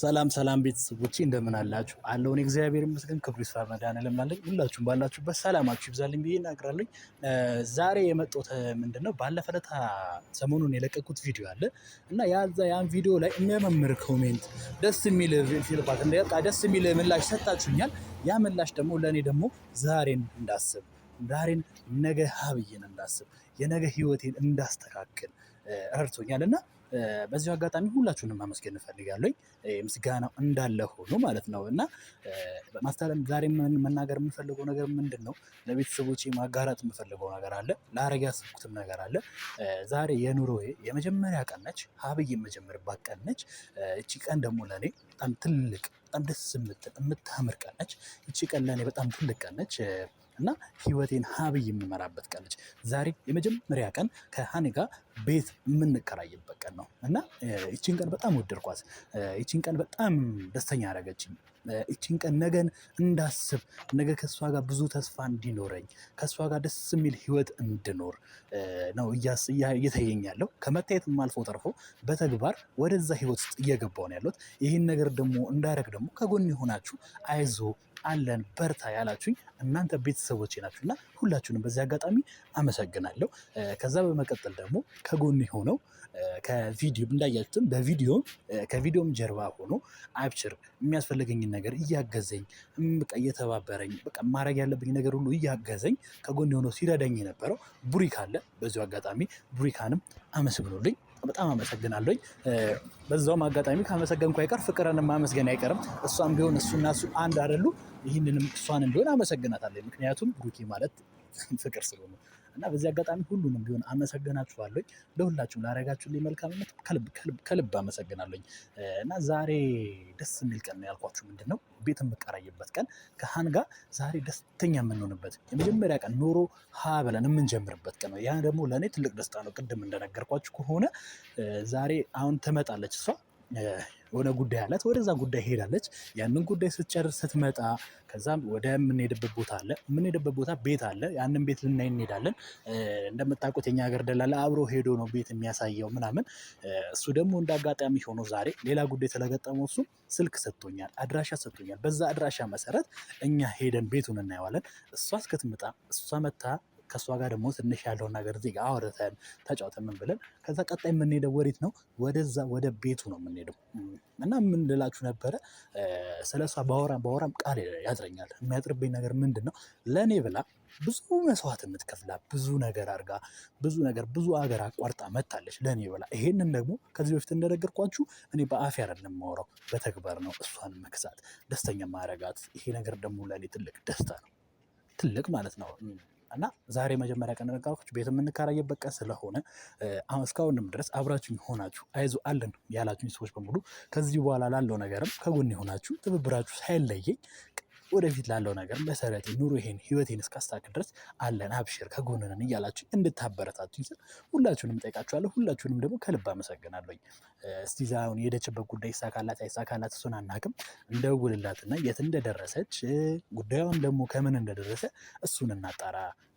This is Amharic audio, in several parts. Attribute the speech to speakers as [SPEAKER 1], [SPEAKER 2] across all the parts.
[SPEAKER 1] ሰላም ሰላም ቤተሰቦች እንደምን አላችሁ? አለውን እግዚአብሔር ይመስገን፣ ክብሩ ይስፋ መድኃኔዓለም አለኝ። ሁላችሁም ባላችሁበት ሰላማችሁ ይብዛልኝ ብዬ እናገራለኝ። ዛሬ የመጣሁት ምንድን ነው፣ ባለፈ ዕለት ሰሞኑን የለቀቁት ቪዲዮ አለ እና ያዛ ያን ቪዲዮ ላይ የሚያመምር ኮሜንት፣ ደስ የሚል ፊልባት እንደበቃ ደስ የሚል ምላሽ ሰጣችሁኛል። ያ ምላሽ ደግሞ ለእኔ ደግሞ ዛሬን እንዳስብ ዛሬን ነገ ሀብዬን እንዳስብ የነገ ህይወቴን እንዳስተካክል ረድቶኛል እና በዚሁ አጋጣሚ ሁላችሁንም ማመስገን እንፈልጋለኝ። ምስጋናው እንዳለ ሆኖ ማለት ነው እና ማስተላለፍ ዛሬ መናገር የምፈልገው ነገር ምንድን ነው? ለቤተሰቦቼ ማጋራት የምፈልገው ነገር አለ። ላረግ ያሰብኩትም ነገር አለ። ዛሬ የኑሮ የመጀመሪያ ቀን ነች። ሀብይ የመጀመርባት ቀን ነች። እቺ ቀን ደግሞ ለእኔ በጣም ትልቅ በጣም ደስ የምትል የምታምር ቀን ነች። እቺ ቀን ለእኔ በጣም ትልቅ ቀን ነች። እና ህይወቴን ሀብይ የምመራበት ቀን ነች። ዛሬ የመጀመሪያ ቀን ከሀኔ ጋር ቤት የምንከራይበት ቀን ነው እና ይችን ቀን በጣም ወደድኳት። ይቺን ቀን በጣም ደስተኛ ያደረገችኝ ይቺን ቀን ነገን እንዳስብ ነገ ከእሷ ጋር ብዙ ተስፋ እንዲኖረኝ ከእሷ ጋር ደስ የሚል ህይወት እንድኖር ነው እየተየኝ ያለው። ከመታየትም አልፎ ተርፎ በተግባር ወደዛ ህይወት ውስጥ እየገባው ነው ያለሁት። ይህን ነገር ደግሞ እንዳደረግ ደግሞ ከጎን የሆናችሁ አይዞ አለን በርታ ያላችሁኝ እናንተ ቤተሰቦች ናችሁ እና ሁላችሁንም በዚህ አጋጣሚ አመሰግናለሁ። ከዛ በመቀጠል ደግሞ ከጎን ሆነው ከቪዲዮ እንዳያችሁትም በቪዲዮ ከቪዲዮም ጀርባ ሆኖ አብችር የሚያስፈልገኝን ነገር እያገዘኝ በቃ እየተባበረኝ በቃ ማድረግ ያለብኝ ነገር ሁሉ እያገዘኝ ከጎን ሆኖ ሲረዳኝ የነበረው ቡሪካ አለ። በዚሁ አጋጣሚ ቡሪካንም አመስግኑልኝ። በጣም አመሰግናለኝ። በዛውም አጋጣሚ ካመሰገንኩ አይቀር ፍቅርን ማመስገን አይቀርም። እሷም ቢሆን እሱና እሱ አንድ አይደሉ። ይህንንም እሷንም ቢሆን አመሰግናታለ ምክንያቱም ብሩኬ ማለት ፍቅር ስለሆነ እና በዚህ አጋጣሚ ሁሉንም ቢሆን አመሰግናችኋለሁኝ። ለሁላችሁም ላረጋችሁልኝ መልካምነት ከልብ ከልብ ከልብ እና ዛሬ ደስ የሚል ቀን ነው ያልኳችሁ ምንድን ነው ቤት የምቀራይበት ቀን ከሀን ጋር ዛሬ ደስተኛ የምንሆንበት የመጀመሪያ ቀን ኑሮ ሀ ብለን የምንጀምርበት ቀን ነው። ያ ደግሞ ለእኔ ትልቅ ደስታ ነው። ቅድም እንደነገርኳችሁ ከሆነ ዛሬ አሁን ትመጣለች እሷ የሆነ ጉዳይ አላት። ወደዛ ጉዳይ ሄዳለች። ያንን ጉዳይ ስትጨርስ ስትመጣ ከዛም ወደ የምንሄድበት ቦታ አለ። የምንሄድበት ቦታ ቤት አለ። ያንን ቤት ልናይ እንሄዳለን። እንደምታውቁት የኛ ሀገር ደላላ አብሮ ሄዶ ነው ቤት የሚያሳየው ምናምን። እሱ ደግሞ እንደ አጋጣሚ ሆኖ ዛሬ ሌላ ጉዳይ ስለገጠመው እሱ ስልክ ሰጥቶኛል፣ አድራሻ ሰጥቶኛል። በዛ አድራሻ መሰረት እኛ ሄደን ቤቱን እናየዋለን። እሷ እስክትመጣ እሷ መታ ከእሷ ጋር ደግሞ ትንሽ ያለውን ነገር እዚህ ጋር አውርተን ተጫውተን ምን ብለን ከዛ ቀጣይ የምንሄደው ወዴት ነው? ወደዛ ወደ ቤቱ ነው የምንሄደው። እና ምን ልላችሁ ነበረ ስለ እሷ በወራም ቃል ያጥረኛል። የሚያጥርብኝ ነገር ምንድን ነው? ለእኔ ብላ ብዙ መስዋዕት የምትከፍላ ብዙ ነገር አድርጋ ብዙ ነገር ብዙ አገር አቋርጣ መታለች ለእኔ ብላ። ይሄንን ደግሞ ከዚህ በፊት እንደነገርኳችሁ እኔ በአፌ አይደለም የማወራው በተግባር ነው። እሷን መክሳት፣ ደስተኛ ማረጋት፣ ይሄ ነገር ደግሞ ለእኔ ትልቅ ደስታ ነው። ትልቅ ማለት ነው። እና ዛሬ መጀመሪያ ቀን ነገርኳችሁ ቤት የምንከራይበት ቀን ስለሆነ እስካሁንም ድረስ አብራችሁ ሆናችሁ አይዞ አለን ያላችሁኝ ሰዎች በሙሉ ከዚህ በኋላ ላለው ነገርም ከጎን የሆናችሁ ትብብራችሁ ሳይለየኝ ወደፊት ላለው ነገር መሰረቴ ኑሮዬን ህይወቴን እስካስተካክል ድረስ አለን አብሽር ከጎን እያላችሁ እንድታበረታቱኝ ስል ሁላችሁንም ጠይቃችኋለሁ። ሁላችሁንም ደግሞ ከልብ አመሰግናለሁኝ። እስቲ ዛሬውን የሄደችበት ጉዳይ ይሳካላት አይሳካላት እሱን አናውቅም። እንደውልላትና የት እንደደረሰች ጉዳዩን ደግሞ ከምን እንደደረሰ እሱን እናጣራ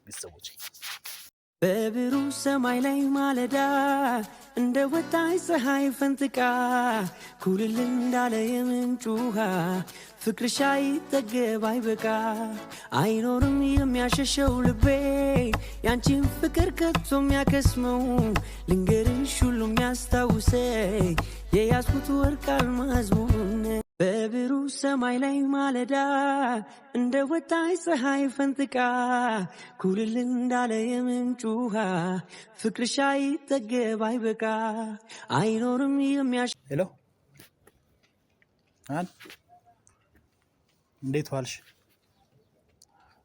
[SPEAKER 1] ቤተሰቦች።
[SPEAKER 2] በብሩህ ሰማይ ላይ ማለዳ እንደ ወጣች ፀሐይ ፈንጥቃ ኩልል እንዳለ የምንጩ ፍቅርሽ አይጠገብ አይበቃ አይኖርም የሚያሸሸው ልቤ ያንቺን ፍቅር ከቶ የሚያከስመው ልንገርሽ ሁሉ የሚያስታውሰ የያዝኩት ወርቅ አልማዝ በብሩ ሰማይ ላይ ማለዳ እንደ ወጣይ ፀሐይ ፈንጥቃ ኩልል እንዳለ የምንጩ ውሃ ፍቅርሽ አይጠገብ አይበቃ አይኖርም የሚያሸ
[SPEAKER 1] እንዴት ዋልሽ?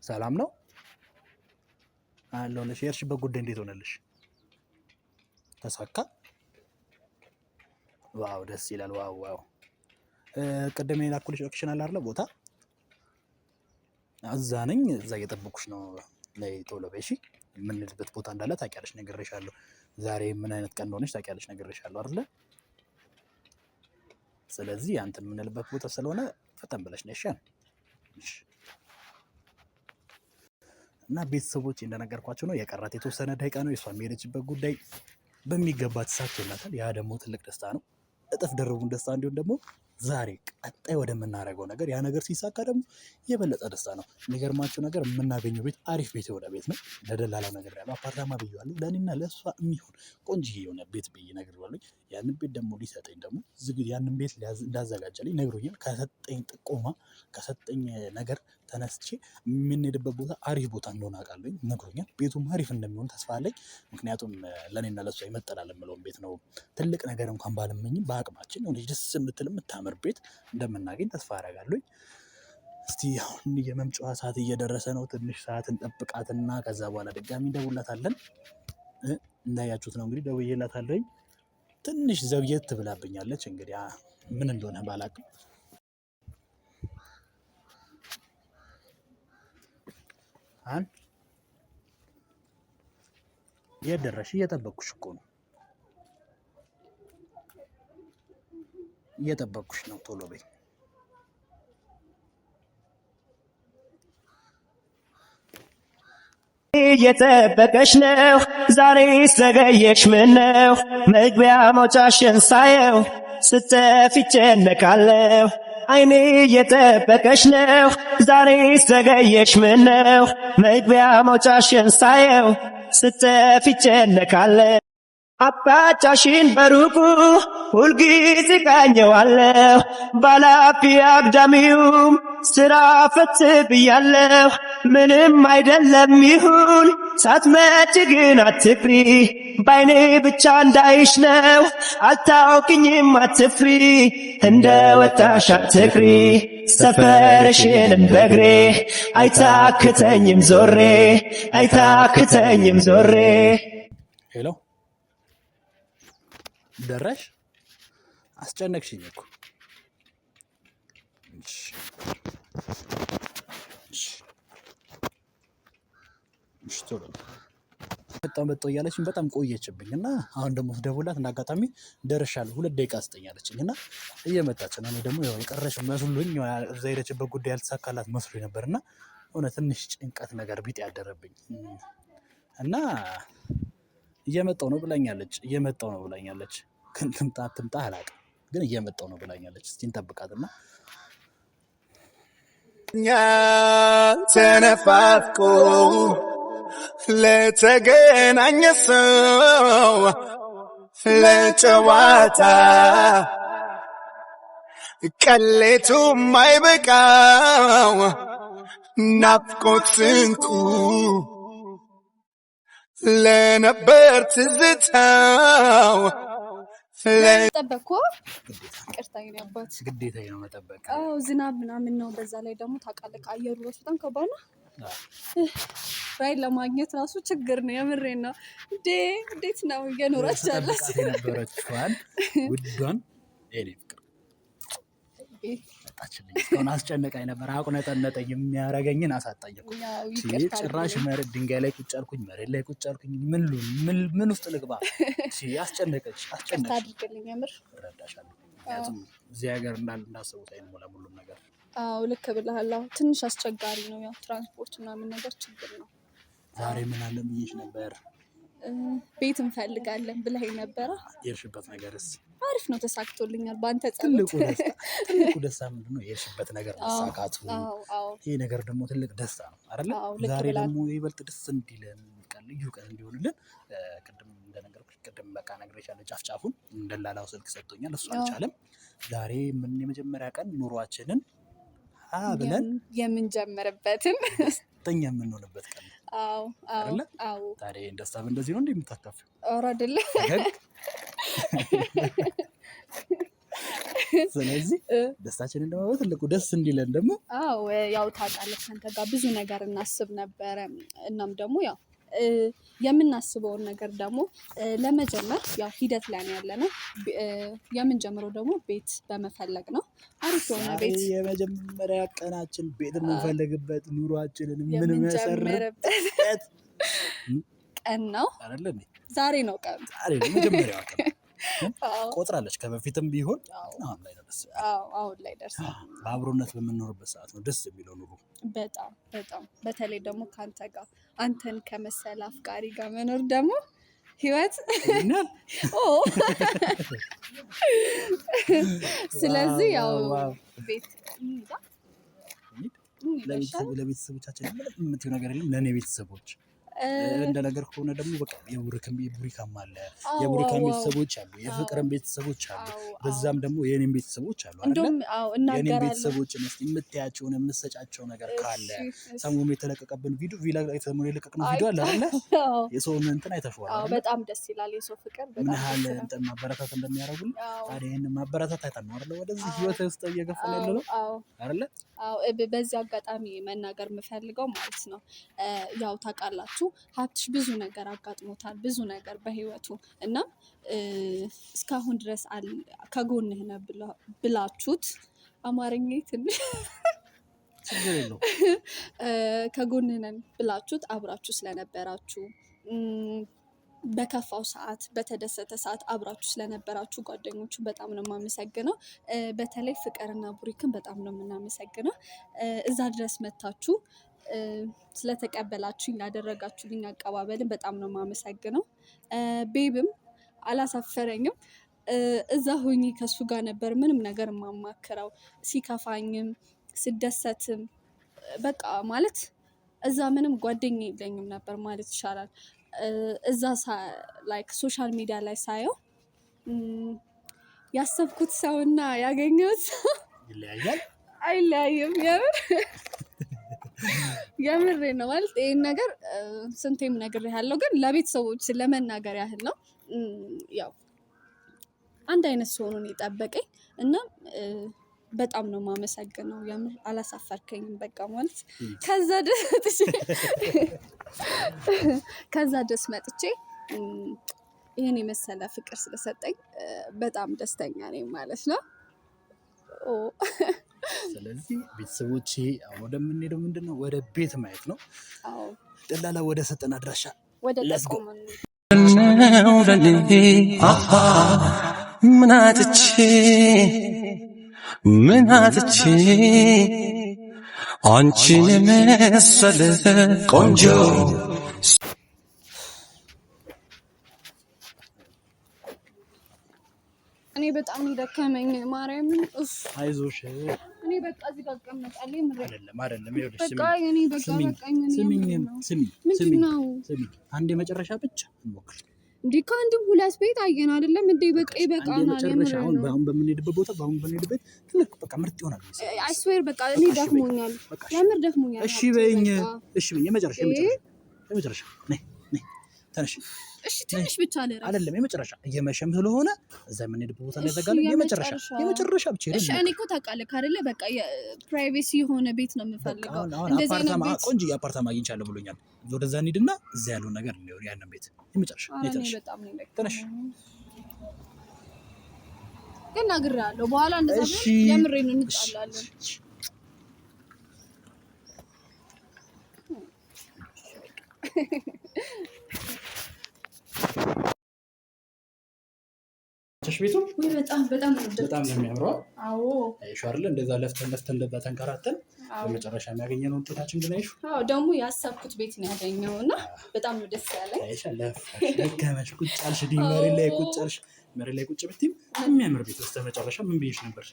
[SPEAKER 1] ሰላም ነው አለሁልሽ። የሄድሽበት ጉዳይ እንዴት ሆነልሽ? ተሳካ? ዋው ደስ ይላል። ዋው ዋው ቅድም የላኩልሽ ኦክሽን አለ አይደለ? ቦታ እዛ ነኝ። እዛ እየጠበኩሽ ነው። ነይ ቶሎ በይ። እሺ የምንሄድበት ቦታ እንዳለ ታውቂያለሽ፣ ነግሬሻለሁ። ዛሬ ምን አይነት ቀን እንደሆነች ታውቂያለሽ፣ ነግሬሻለሁ አይደለ? ስለዚህ አንተን የምንልበት ቦታ ስለሆነ ፈጠን ብለሽ ነሽ። እና ቤተሰቦች እንደነገርኳቸው ነው የቀራት የተወሰነ ደቂቃ ነው። የእሷ የሚሄደችበት ጉዳይ በሚገባ ትሳክቶላታል። ያ ደግሞ ትልቅ ደስታ ነው። እጥፍ ደረቡን ደስታ እንዲሁም ደግሞ ዛሬ ቀጣይ ወደምናደርገው ነገር ያ ነገር ሲሳካ ደግሞ የበለጠ ደስታ ነው። የሚገርማቸው ነገር የምናገኘው ቤት አሪፍ ቤት የሆነ ቤት ነው። ለደላላው ያለው አፓርታማ ብዬዋለሁ። ለእኔና ለእሷ የሚሆን ቆንጅዬ የሆነ ቤት ብዬ ነግሬዋለሁኝ። ያንን ቤት ደግሞ ሊሰጠኝ ደግሞ ያንን ቤት እንዳዘጋጀልኝ ነግሮኛል። ከሰጠኝ ጥቆማ ከሰጠኝ ነገር ተነስቼ የምንሄድበት ቦታ አሪፍ ቦታ እንደሆነ አውቃለሁኝ ነግሮኛል። ቤቱም አሪፍ እንደሚሆን ተስፋ አለኝ። ምክንያቱም ለኔና ለሷ ይመጠናል የምለውን ቤት ነው። ትልቅ ነገር እንኳን ባልመኝም በአቅማችን የሆነች ደስ የምትል የምታምር ቤት እንደምናገኝ ተስፋ አደርጋለሁኝ። እስቲ አሁን የመምጫዋ ሰዓት እየደረሰ ነው። ትንሽ ሰዓት እንጠብቃትና ከዛ በኋላ ድጋሚ እንደውላታለን። እንዳያችሁት ነው እንግዲህ ደውዬላታለሁኝ። ትንሽ ዘግየት ትብላብኛለች እንግዲህ ምን እንደሆነ ባላቅም አን የት ደረሽ? እየጠበቅኩሽ እኮ ነው። እየጠበቅኩሽ ነው። ቶሎ በይ።
[SPEAKER 2] እየጠበቀሽ ነው። ዛሬ ዘገየሽ ነው መግቢያ መውጫሽን ሳየው ስጠፊ ጨነቃለሁ። አይኔ እየጠበቀሽ ነው ዛሬ ዘገየሽ ምነው መግቢያ መውጫሽን ሳየው ስተፊ ጨነቃለ አባጫሽን በሩቁ ሁልጊዜ ቃኘዋለሁ ባላፊ አግዳሚውም ስራ ፈት ብያለሁ ምንም አይደለም ይሁን ሳትመጪ ግን አትፍሪ፣ ባይኔ ብቻ እንዳይሽ ነው። አልታውቅኝም አትፍሪ፣ እንደ ወጣሽ አትክሪ። ሰፈርሽንም በግሬ አይታክተኝም ዞሬ፣ አይታክተኝም ዞሬ።
[SPEAKER 1] ሄሎ ደረሽ? አስጨነቅሽኝ እኮ እሺ ቶሎ በጣም መጣሁ እያለችኝ በጣም ቆየችብኝ እና አሁን ደግሞ ስደውልላት እንደ አጋጣሚ ደርሻለሁ ሁለት ደቂቃ ስጠኝ አለችኝ እና እየመጣች ነው። እኔ ደግሞ ያው የቀረች መስሎኝ እዛ ሄደችበት ጉዳይ ያልተሳካላት መስሎኝ ነበር እና የሆነ ትንሽ ጭንቀት ነገር ቢጤ ያደረብኝ እና እየመጣው ነው ብላኛለች። እየመጣው ነው ብላኛለች። ግን ትምጣ ትምጣ አላውቅም፣ ግን እየመጣው ነው ብላኛለች። እስኪ እንጠብቃትና
[SPEAKER 2] እኛ ተነፋፍቆ ለተገናኘ ሰው ለጨዋታ ቀሌቱ ማይበቃው ናፍቆት ለነበር ትዝታው
[SPEAKER 3] ያባት
[SPEAKER 1] ግዴታ ነው መጠበቅ።
[SPEAKER 3] ዝናብ ምናምን ነው። በዛ ላይ ደግሞ ታውቃለህ አየሩ በጣም ከባድ ነው። ራይድ ለማግኘት ራሱ ችግር ነው። የምሬ ነው። እንዴት ነው እየኖራች ያለች
[SPEAKER 1] ነበረችዋል። ውዷን የእኔ ፍቅር መጣችልኝ። አስጨነቀኝ ነበር፣ አቁነጠነጠ የሚያረገኝን አሳጣኝ። ጭራሽ መሬት ድንጋይ ላይ ቁጭ አልኩኝ፣ መሬት ላይ ቁጭ አልኩኝ። ምን ምን ውስጥ ልግባ? አስጨነቀች፣
[SPEAKER 3] አስጨነቀች። ረዳሻለሁ።
[SPEAKER 1] ምክንያቱም እዚህ ሀገር እንዳሰቡት አይነ ሙሉም ነገር
[SPEAKER 3] አዎ ልክ ብለሃል። ትንሽ አስቸጋሪ ነው። ያው ትራንስፖርት ምናምን ነገር ችግር ነው።
[SPEAKER 1] ዛሬ ምን አለ ብዬሽ ነበር?
[SPEAKER 3] ቤት እንፈልጋለን ብለኸኝ ነበረ።
[SPEAKER 1] የሄድሽበት ነገርስ?
[SPEAKER 3] አሪፍ ነው፣ ተሳክቶልኛል። በአንተ
[SPEAKER 1] ጸሎት ትልቁ ደስታ ምንድን ነው? የሄድሽበት ነገር መሳካቱ። ይሄ ነገር ደግሞ ትልቅ ደስታ ነው አይደለ? ዛሬ ደግሞ ይበልጥ ደስ እንዲለን ልዩ ቀን እንዲሆንልን ቅድም እንደነገርኩሽ ቅድም በቃ ነግሬሻለሁ። ጫፍ ጫፉን እንደላላው ስልክ ሰጥቶኛል፣ እሱ አልቻለም። ዛሬ ምን የመጀመሪያ ቀን ኑሯችንን ብለን
[SPEAKER 3] የምንጀምርበትም ደስተኛ
[SPEAKER 1] የምንሆንበት ቀን ነው። ታዲያ ይህን ደስታ እንደዚህ ነው
[SPEAKER 3] እንደ
[SPEAKER 1] ስለዚህ ደስታችንን ደግሞ ትልቁ ደስ እንዲለን ደግሞ
[SPEAKER 3] ያው ታውቃለች አንተ ጋር ብዙ ነገር እናስብ ነበረ። እናም ደግሞ ያው የምናስበውን ነገር ደግሞ ለመጀመር ያው ሂደት ላይ ነው ያለ ነው። የምንጀምረው ደግሞ ቤት በመፈለግ ነው። አሪፍ የሆነ ቤት
[SPEAKER 1] የመጀመሪያ ቀናችን ቤት የምንፈልግበት ኑሯችንን የምንመሰርበት
[SPEAKER 3] ቀን ነው። ዛሬ ነው ቀን
[SPEAKER 1] ዛሬ ነው መጀመሪያዋ ቀን ቆጥራለች። ከበፊትም ቢሆን አሁን ላይ ደርስ አሁን ላይ ደርስ በአብሮነት በምንኖርበት ሰዓት ነው ደስ የሚለው ኑሮ።
[SPEAKER 3] በጣም በጣም በተለይ ደግሞ ከአንተ ጋር አንተን ከመሰለ አፍቃሪ ጋር መኖር ደግሞ ህይወት ስለዚህ ያው ቤት
[SPEAKER 1] ለቤተሰቦቻችን የምትይው ነገር የለም ለእኔ ቤተሰቦች እንደነገርኩህ ከሆነ ደግሞ በቃ የቡሪክም የቡሪካም አለ የቡሪካም ቤተሰቦች አሉ የፍቅርም ቤተሰቦች አሉ በዛም ደግሞ የኔም ቤተሰቦች አሉ አይደል የኔም ቤተሰቦች እስኪ የምታያቸውን የምሰጫቸው ነገር ካለ ሰሞኑን የተለቀቀብን ቪዲዮ ቪላ ላይ የለቀቅነው ቪዲዮ አለ አለ የሰውን እንትን አይተሽዋል
[SPEAKER 3] በጣም ደስ ይላል የሰው ፍቅር
[SPEAKER 1] ምን ያህል እንትን ማበረታት እንደሚያደርጉልን ታዲያ ይህን ማበረታት አይተን አለ ወደዚህ ህይወት ውስጥ እየገፋ ያለ ነው አለ።
[SPEAKER 3] በዚህ አጋጣሚ መናገር የምፈልገው ማለት ነው ያው ታውቃላችሁ ሀብትሽ ብዙ ነገር አጋጥሞታል ብዙ ነገር በህይወቱ እና እስካሁን ድረስ ከጎንህ ነ ብላችሁት አማርኛ ትን ከጎንህ ነን ብላችሁት አብራችሁ ስለነበራችሁ በከፋው ሰዓት በተደሰተ ሰዓት አብራችሁ ስለነበራችሁ ጓደኞቹን በጣም ነው የማመሰግነው። በተለይ ፍቅርና ቡሪክን በጣም ነው የምናመሰግነው። እዛ ድረስ መታችሁ ስለተቀበላችሁኝ ላደረጋችሁልኝ አቀባበልን በጣም ነው የማመሰግነው። ቤብም አላሳፈረኝም። እዛ ሁኝ ከሱ ጋር ነበር ምንም ነገር የማማክረው ሲከፋኝም ስደሰትም በቃ ማለት እዛ ምንም ጓደኛ የለኝም ነበር ማለት ይሻላል። እዛ ላይክ ሶሻል ሚዲያ ላይ ሳየው ያሰብኩት ሰውና ያገኘሁት ሰው አይለያይም የምር የምሬ ነው ማለት ይህን ነገር ስንቴም ነገር ያለው ግን ለቤተሰቦች ለመናገር ያህል ነው። ያው አንድ አይነት ሲሆኑን የጠበቀኝ እና በጣም ነው የማመሰግነው። የምር አላሳፈርከኝም። በቃ ማለት ከዛ ደስ መጥቼ ከዛ ደስ መጥቼ ይህን የመሰለ ፍቅር ስለሰጠኝ በጣም ደስተኛ ነኝ ማለት ነው።
[SPEAKER 1] ስለዚህ ቤተሰቦች አሁን ወደምንሄደው ምንድን ነው ወደ ቤት ማየት ነው። ጠላላ ወደ ሰጠን አድራሻ ምን አጥቼ ምን አጥቼ
[SPEAKER 3] አንቺን ቆንጆ በጣም ይደከመኝ ደከመኝ። ማርያምን እሱ አይዞሽ፣ እኔ በቃ እዚህ ጋር እቀመጣለሁ።
[SPEAKER 1] ስሚኝ ስሚኝ፣ አንዴ መጨረሻ ብቻ እንሞክር።
[SPEAKER 3] እንዴ ከአንድም ሁለት ቤት አየን አይደለም እንዴ? በቃ ይበቃናል።
[SPEAKER 1] አሁን አሁን በምንሄድበት ቦታ በአሁን በምንሄድበት ትልቅ በቃ ምርጥ ይሆናል።
[SPEAKER 3] በቃ እኔ ደክሞኛል፣ ለምር ደክሞኛል።
[SPEAKER 1] እሺ በይኝ፣ እሺ በይኝ። የመጨረሻ የመጨረሻ የመጨረሻ ነይ ነይ፣ ተነሽ
[SPEAKER 3] እሺ ትንሽ ብቻ ነው
[SPEAKER 1] አይደለም፣ የመጨረሻ እየመሸም ስለሆነ እዛ የምንሄድበት ቦታ ላይ ዘጋለ። የመጨረሻ የመጨረሻ ብቻ ነው።
[SPEAKER 3] እሺ እኔ እኮ ታውቃለህ አይደለ፣ በቃ የፕራይቬሲ የሆነ ቤት ነው የምፈልገው።
[SPEAKER 1] እንደዚህ አይነት ቤት ቆንጆ የአፓርታማ አግኝቻለሁ ብሎኛል። ወደዛ እንሂድና እዛ ያለውን ነገር ነው ያንን ቤት የመጨረሻ ነው። ትንሽ ትንሽ
[SPEAKER 3] ግን እነግርሃለሁ በኋላ እንደዛ የምሬን ነው እንጣላለን። ቸሽ ቤቶች በጣም
[SPEAKER 1] ነው የሚያምረው። እንደዛ ለፍተን ለፍተን እንደዛ ተንከራተን በመጨረሻ የሚያገኘነው ውጤታችን ግን አይሹ።
[SPEAKER 3] ደግሞ ያሰብኩት ቤት ነው ያገኘው እና በጣም ነው ደስ ያለኝ።
[SPEAKER 1] አይሻ ቁጭ አልሽ፣ ዲ መሬት ላይ ቁጭ አልሽ፣ መሬት ላይ ቁጭ ብትይም የሚያምር ቤት በስተ መጨረሻ ምን ብዬሽ ነበር?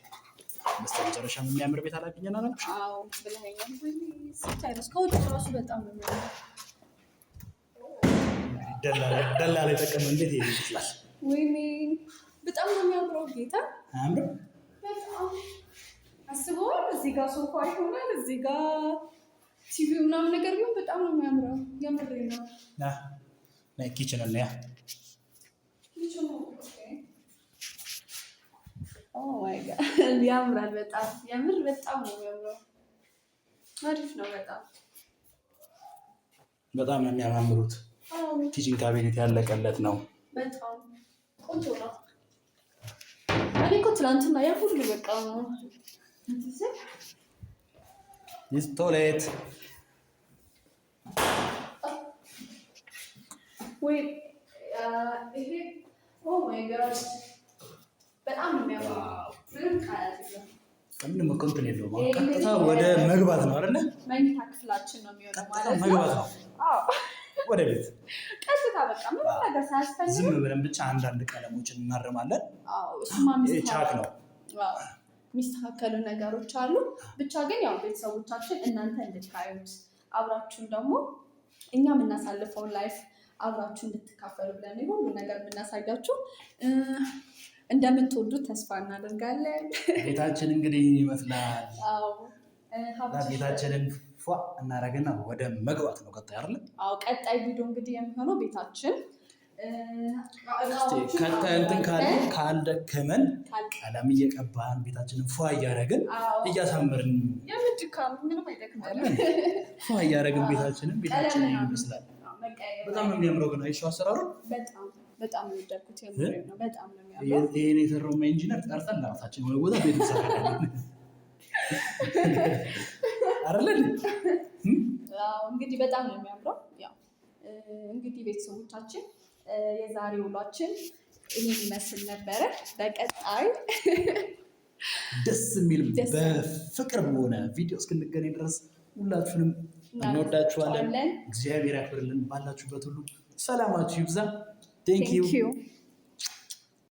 [SPEAKER 1] በስተ መጨረሻ የሚያምር ቤት አላገኘን አላልኩሽ?
[SPEAKER 3] አዎ ብለኸኛል። ከውጭ ራሱ በጣም ነው የሚያምር።
[SPEAKER 1] ደላላ ደላላ እንዴት ይሄ
[SPEAKER 3] ወይኔ በጣም ነው የሚያምረው። ጌታ አምሮ በጣም አስበዋል። እዚህ ጋር ሶፋ ይሆናል፣ እዚህ ጋር ቲቪ ምናምን ነገር ቢሆን በጣም ነው የሚያምረው። የምር ነው። ኪችን አለ፣ ያ ያምራል። በጣም የምር በጣም ነው የሚያምረው። አሪፍ ነው። በጣም
[SPEAKER 1] በጣም ነው የሚያማምሩት። ኪችን ካቢኔት ያለቀለት ነው።
[SPEAKER 3] በጣም ቆንጆ ነው። እኮ ትናንትና ያ ሁሉ በቃ ቶሌት ወይ ይሄ ኦ ማይ ጋድ በጣም ነው
[SPEAKER 1] እንትን የለውም። ቀጥታ ወደ መግባት ነው አይደለ?
[SPEAKER 3] መኝታ ክፍላችን ነው
[SPEAKER 1] የሚሆነው ማለት ነው። ወደ ቤት ዝም ብለን ብቻ አንዳንድ ቀለሞችን እናርማለን። ቻክ ነው
[SPEAKER 3] የሚስተካከሉ ነገሮች አሉ። ብቻ ግን ያው ቤተሰቦቻችን እናንተ እንድታዩት አብራችሁን ደግሞ እኛ የምናሳልፈውን ላይፍ አብራችሁ እንድትካፈሉ ብለን ሁሉ ነገር የምናሳያችሁ እንደምትወዱት ተስፋ እናደርጋለን።
[SPEAKER 1] ቤታችን እንግዲህ ይመስላል ቤታችንን እናደርግና ወደ መግባት ነው። ቀጣይ አይደለ?
[SPEAKER 3] አዎ፣ ቀጣይ ቪዲዮ እንግዲህ የሚሆነው ቤታችን
[SPEAKER 1] እንትን ካልደከመን ቀለም እየቀባን ቤታችንን ፏ እያደረግን እያሳምርን ፏ እያደረግን ቤታችንን ቤታችን ይመስላል። በጣም ነው የሚያምረው። ግን አይሻው አሰራሩ
[SPEAKER 3] ይህን ነው
[SPEAKER 1] የሰራው ኢንጂነር ጠርጠን ለራሳችን የሆነ ቦታ ቤት ሰራ አይደለ?
[SPEAKER 3] እንግዲህ በጣም ነው የሚያምረው። እንግዲህ ቤተሰቦቻችን የዛሬ ውሏችን ይህን ይመስል ነበረ። በቀጣይ
[SPEAKER 1] ደስ የሚል በፍቅር በሆነ ቪዲዮ እስክንገናኝ ድረስ ሁላችሁንም እንወዳችኋለን። እግዚአብሔር ያክብርልን። ባላችሁበት ሁሉ ሰላማችሁ ይብዛ። ቴንክ ዩ